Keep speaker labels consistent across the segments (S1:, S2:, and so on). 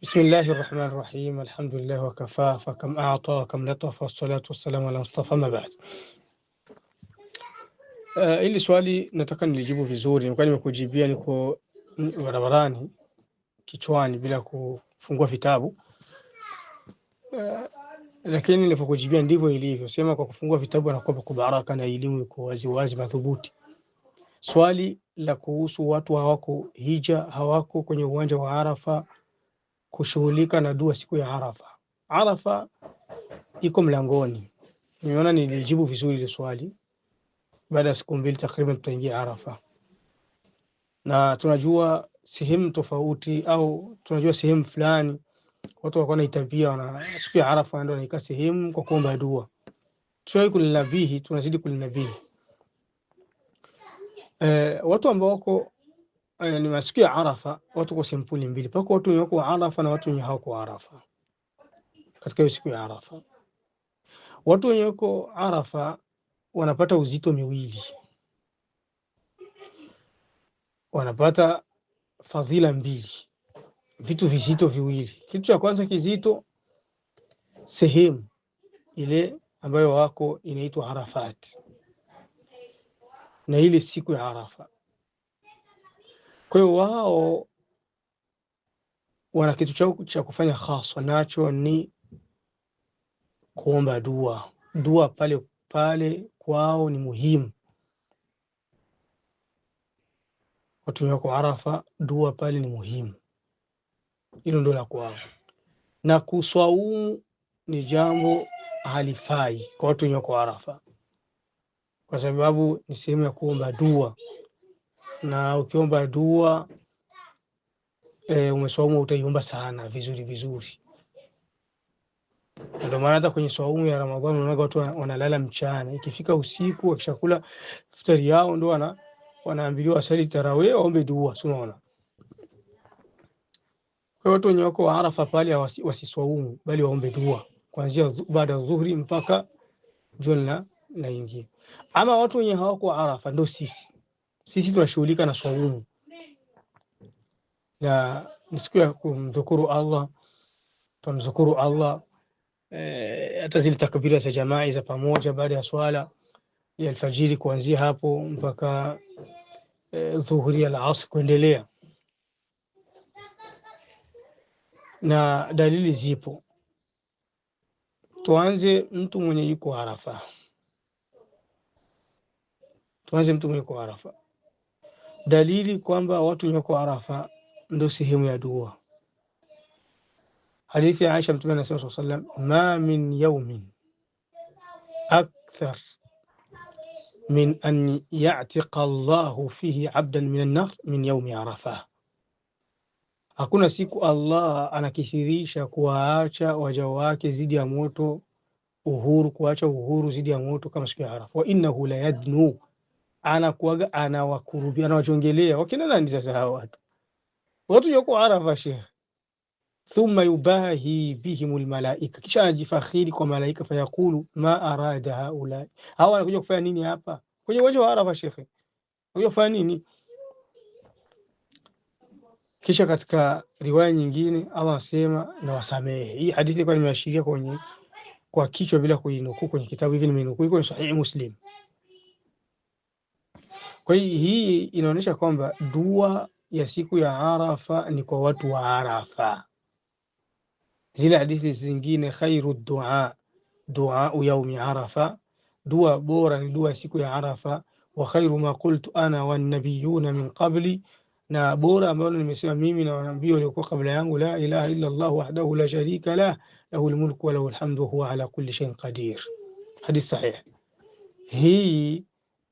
S1: Bismillahi rahmani rahim, alhamdulillahi wakafaa fakam ata wakam latafa wassalatu wassalamu ala mustafa mabaad. Uh, ili swali nataka nilijibu vizuri, nilikuwa nimekujibia niko barabarani kichwani bila kufungua vitabu uh, lakini nilipokujibia ndivyo ilivyo. Sema kwa kufungua vitabu anakuwa kwa baraka na elimu iko waziwazi madhubuti. Swali la kuhusu watu hawako hija, hawako kwenye uwanja wa Arafa kushughulika na dua siku ya Arafa. Arafa iko mlangoni. Nimeona nilijibu vizuri ile swali. Baada ya siku mbili takriban tutaingia Arafa, na tunajua sehemu tofauti au tunajua sehemu fulani watu wako na itabia na siku ya Arafa wanaenda wanaikaa sehemu kwa kuomba dua. Tuwai kulinabihi, tunazidi kulinabihi. Eh, watu ambao wako ni masiku ya Arafa, watu kwa sempuli mbili, pako watu wenye wako Arafa na watu wenye hawako Arafa. Katika hiyo siku ya Arafa, watu wenye wako Arafa wanapata uzito miwili, wanapata fadhila mbili, vitu vizito viwili. Kitu cha kwanza kizito, sehemu ile ambayo wako inaitwa Arafat na ile siku ya Arafa kwa hiyo wao wana kitu chao cha kufanya haswa, nacho ni kuomba dua. Dua pale pale kwao ni muhimu. Watu wako Arafa, dua pale ni muhimu, hilo ndio la kwao. Na kuswaumu ni jambo halifai kwa watu wenye wako Arafa, kwa sababu ni sehemu ya kuomba dua na ukiomba dua e, umeswaumu utaiomba sana vizuri vizuri. Ndio maana hata kwenye swaumu ya Ramadhani unaona watu wanalala mchana, ikifika usiku wakishakula futari yao ndio wana wanaambiliwa asali tarawe waombe dua. Unaona, kwa watu wenye wako Arafa pale wasiswaumu, wasi bali waombe dua kuanzia baada ya dhuhuri mpaka jua linaingia. Ama watu wenye hawako Arafa ndio sisi sisi tunashughulika na swaumu na ni siku ya kumdhukuru Allah, tunamdhukuru Allah eh, hata e, zile takbira za jamaa za pamoja baada ya swala ya alfajiri kuanzia hapo mpaka e, dhuhuri ya asr kuendelea, na dalili zipo. Tuanze mtu mwenye yuko Arafa, tuanze mtu mwenye yuko Arafa dalili kwamba watu waliokuwa Arafa ndio sehemu ya dua. Hadithi ya Aisha, Mtume anasema swalla sallam, ma min yaumin akthar min an yatiqa Allahu fihi abdan min annar min yaumi Arafa, hakuna siku Allah anakithirisha kuwaacha waja wake zidi ya moto uhuru, kuwaacha uhuru zidi ya moto kama siku ya Arafa. Wa innahu la yadnu anakuaga anawakurubia anawachongelea wakina nani sasa hawa watu watu yoko Arafa shekh thumma yubahi bihim almalaika, kisha anajifakhiri kwa malaika. Fayaqulu ma arada haulai, hawa anakuja kufanya nini hapa kwenye uwanja wa Arafa shekh wanakuja kufanya nini? Kisha katika riwaya nyingine Allah asema na wasamehe. Hii hadithi ilikuwa nimeashiria kwenye kwa kichwa bila kuinukuu kwenye kitabu hivi, nimeinukuu iko ni Sahihi Muslim. Kwa hiyo hii inaonyesha kwamba dua ya siku ya Arafa ni kwa watu wa Arafa. Zile hadithi zingine, khairu dua duau yaumi arafa, dua bora ni dua ya siku ya Arafa. Wa khairu ma qultu ana wanabiyuna min qabli, na bora ambalo nimesema mimi na wanabii waliokuwa kabla yangu, la ilaha illa Allah wahdahu la sharika lah lahu lmulku wa lahu lhamdu wahuwa ala kulli shay'in qadir. Hadith sahih hii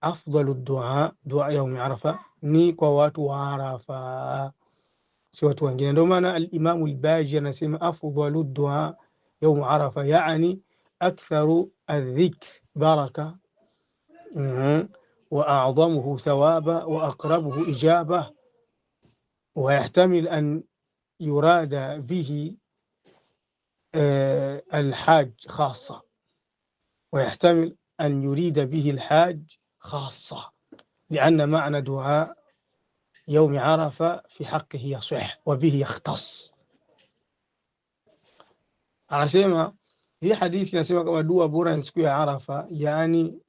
S1: أفضل الدعاء دعاء يوم عرفة ني كوات وعرفة سوى توانجين دوما الإمام الباجي نسيم أفضل الدعاء يوم عرفة يعني أكثر الذكر بركة وأعظمه ثوابا وأقربه إجابة ويحتمل أن يراد به آه، الحاج خاصة ويحتمل أن يريد به الحاج خاصة لأن معنى دعاء يوم عرفة في حقه يصح وبه يختص anasema hii hadithi inasema kama dua bora ni siku ya Arafa, yaani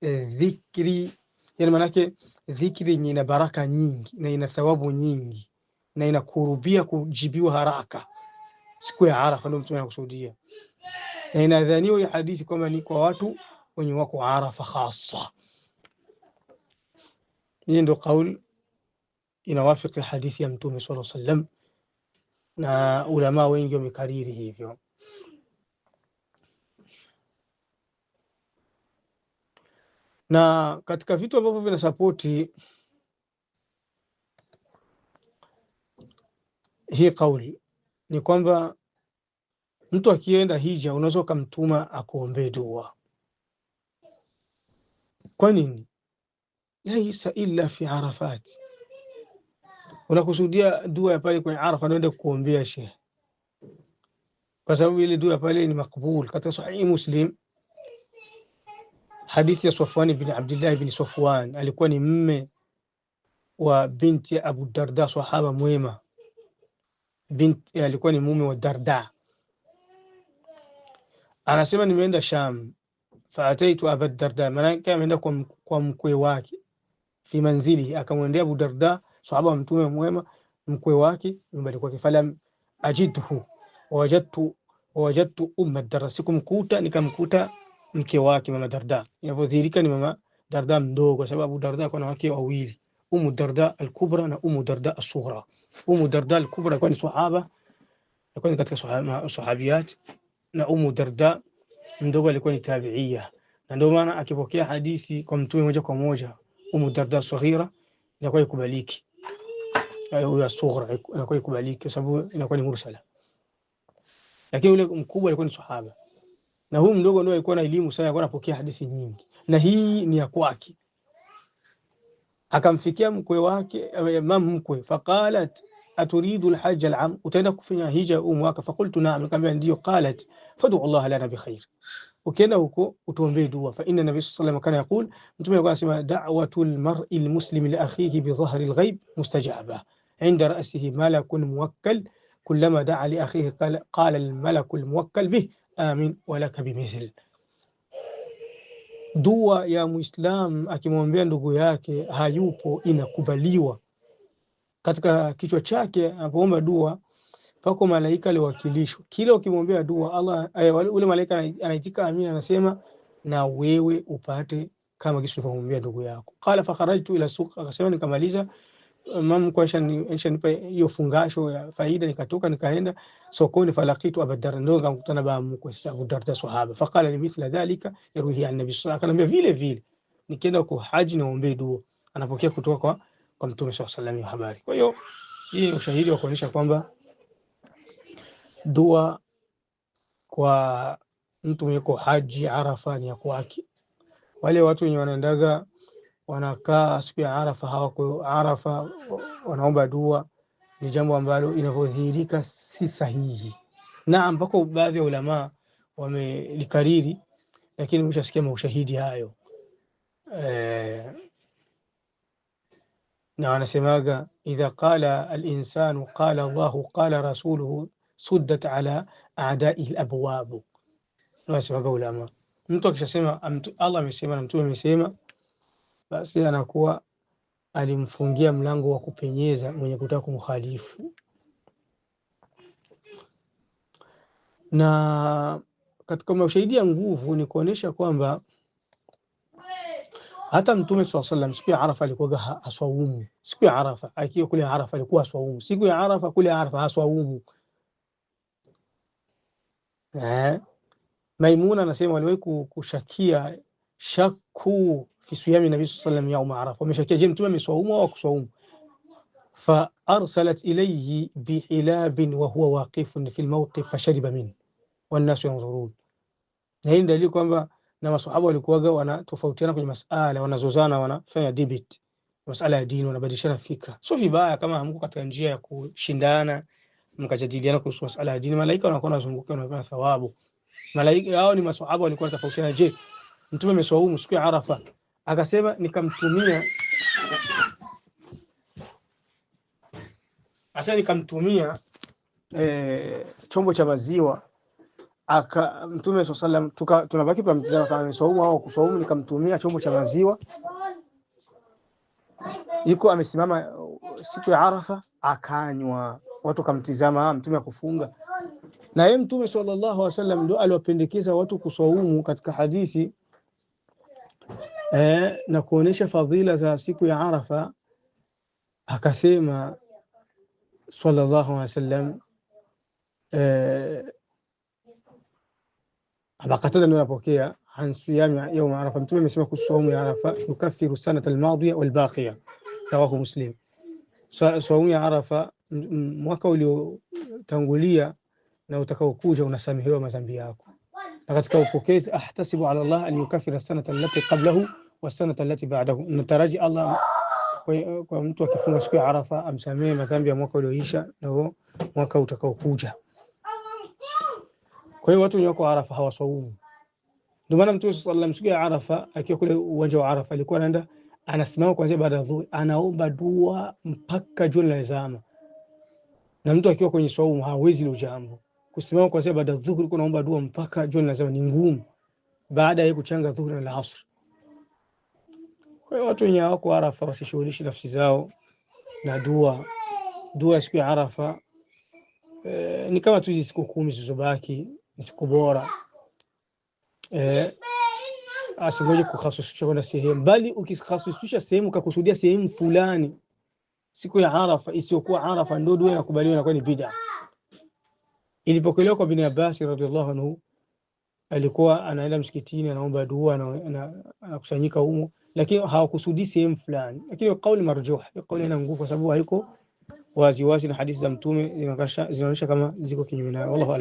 S1: eh, dhikri, yani maanake dhikri yenye ina baraka nyingi na ina thawabu nyingi na inakurubia kujibiwa haraka siku ya Arafa, ndio mtume anakusudia, na inadhaniwa hii hadithi kwamba ni kwa watu wenye wako Arafa hasa hii ndio kauli inawafiki hadithi ya Mtume sallallahu sallam na ulama wengi wamekariri hivyo. Na katika vitu ambavyo vina sapoti hii kauli ni kwamba mtu akienda hija unaweza ukamtuma akuombee dua. Kwa nini? laisa illa fi arafat. Unakusudia dua ya pale kwenye Arafa, naenda kuombea shehe, kwa sababu ile dua pale ni makbul. Katika sahihi Muslim, hadithi ya Safwan bin Abdullah bin Safwan, alikuwa ni mme wa binti ya Abu Darda, sahaba mwema, binti alikuwa ni mume wa Darda. Anasema nimeenda Sham, faataitu Abu Darda, maana ameenda kwa mkwe wake fi manzili, akamwendea Abu Darda, sahaba wa mtume mwema, mkwe wake nyumbani kwake. Falam ajidhu wajadtu wajadtu umma Darda, sikumkuta nikamkuta mke wake mama Darda. Inavyodhihirika ni mama Darda mdogo, sababu Darda kwa wanawake wawili, Umu Darda al-Kubra na Umu Darda as-Sughra. Umu Darda al-Kubra kwa ni sahaba alikuwa ni katika sahabiat na Umu Darda mdogo alikuwa ni tabiia, na ndio maana akipokea hadithi kwa mtume moja kwa moja أم الدرداء الصغيرة inakuwa ikubaliki huyo asughra inakuwa ikubaliki kwa sababu inakuwa ni mursala, lakini yule mkubwa alikuwa ni sahaba na huyu mdogo ndio alikuwa na elimu sana, alikuwa anapokea hadithi nyingi, na hii ni ya kwake. Akamfikia mkwe wake mam mkwe, faqalat aturidu alhajj alam, utaenda kufanya hija huu mwaka? Faqultu naam, nikamwambia ndio. Qalat fad'u Allah lana bi khair ukienda huko utuombee dua. Fa inna nabii sallallahu kana yaqul, mtume alikuwa anasema da'watul mar'i almuslimi li akhihi bi dhahri alghaib mustajaba inda ra'sihi malakun muwakkal kullama da'a li akhihi qala almalaku almuwakkal bih amin wa laka bimithl. Dua ya muislam akimwombea ndugu yake hayupo inakubaliwa. Katika kichwa chake anapoomba dua pako malaika aliwakilishwa, kila ukimwombea dua Allah eh, ule malaika anaitika amina, anasema na wewe upate kama kisu ulivyomuombea ndugu yako. Qala fa kharajtu ila suq, akasema nikamaliza mam kwa mamkshanipa hiyo fungasho ya faida, nikatoka nikaenda sokoni. falakitu abadara, ndo nikamkutana baba mkwe Abudarda sahaba. Faqala li mithla dhalika yarwihi an nabi sallallahu alayhi wasallam, vile vile nikienda kwa haji naombee dua, anapokea kutoka kwa kwa mtume sallallahu alayhi wasallam habari. Kwa hiyo hii ni ushahidi wa kuonyesha kwamba Dua kwa mtu mweko haji Arafa ni ya kwake. Wale watu wenye wanaendaga wanakaa siku ya Arafa hawako Arafa, wanaomba dua ni jambo ambalo inavyodhihirika si sahihi, na ambako baadhi ya ulamaa wamelikariri, lakini umeshasikia maushahidi hayo e, na wanasemaga idha qala alinsanu qala Allahu qala rasuluhu suddat ala adaihi labwabu, wasemaga ulama. Mtu akishasema Allah amesema na mtume amesema, basi anakuwa alimfungia mlango wa kupenyeza mwenye kutaka kumhalifu Na katika mashahidi ya nguvu ni kuonesha kwamba hata Mtume swalla sallam siku ya Arafa alikuwa haswaumu. Siku ya Arafa akiwa kule Arafa alikuwa haswaumu. Siku ya Arafa kule Arafa haswaumu. Eh, Maimuna anasema waliwahi kushakia shakku fi siyami nabii sallam yaum Arafa, wameshakia je, mtume ameswaumu au akuswaumu? Fa arsalat ilayhi bihilabin wa huwa waqifun fi almawqif fashariba min wannasu yanzurun. Na hii dalili kwamba na maswahaba walikuwaga wanatofautiana kwenye masala, wanazozana, wanafanya debate masala ya dini, wanabadilishana fikra. Sio vibaya kama hamko katika njia ya kushindana mkajadiliana kuhusu masala ya dini, malaika wanakuwa wanazunguka, wanapewa thawabu. Malaika hao ni maswahaba, walikuwa tofautiana. Je, mtume ameswaumu siku ya Arafa? Akasema nikamtumia asa nikamtumia e, chombo cha maziwa aka mtume swalla sallam, tunabaki mtizama kama ameswaumu au kuswaumu. Nikamtumia chombo cha maziwa, yuko amesimama uh, siku ya Arafa, akanywa watu wakamtizama ah, mtume akufunga. Na yeye mtume sallallahu alaihi wasallam ndio aliwapendekeza watu kusaumu katika hadithi eh, na kuonesha fadhila za siku ya Arafa. Akasema sallallahu alaihi wasallam eh, Abakatada ndio anapokea an siyami yaum Arafa, mtume amesema kusaumu ya Arafa yukafiru sanata almadiya walbaqiya, rawahu Muslim. Saumu ya Arafa mwaka uliotangulia na utakaokuja unasamehewa madhambi yako. Na katika upokezi ahtasibu ala Allah an yukafira sanata allati qablahu wa sanata allati ba'dahu, nataraji Allah kwa, kwa mtu akifunga siku ya Arafa amsamehe madhambi ya mwaka ulioisha na mwaka utakaokuja. Kwa hiyo watu wenye wako Arafa hawasaumu. Ndio maana Mtume sallallahu alaihi wasallam siku ya Arafa akiwa kule uwanja wa Arafa alikuwa anaenda anasimama kuanzia baada ya dhuhuri anaomba dua mpaka jua linazama na mtu akiwa kwenye swaumu hawezi hilo jambo. Kusimama kwanzia baada ya dhuhuri naomba dua mpaka jioni, lazima ni ngumu, baada ya kuchanga dhuhuri na asr. Kwa hiyo watu wenye hawako Arafa wasishughulishi nafsi zao na dua. Dua siku ya Arafa e, ni kama tu siku kumi zilizobaki ni siku bora e, eh, asingoje kukhasusisha kwenda sehemu, bali ukikhasusisha sehemu kakusudia sehemu fulani siku ya Arafa isiyokuwa Arafa ndio dua inakubaliwa na kwani bid'a. Ilipokelewa kwa Ibn Abbas radhiallahu anhu, alikuwa anaenda msikitini anaomba dua na anakusanyika humo, lakini hawakusudi sehemu fulani, lakini kauli marjuh, kauli ina nguvu kwa sababu haiko waziwazi na hadithi za Mtume zinaonyesha kama ziko kinyume nayo. Wallahu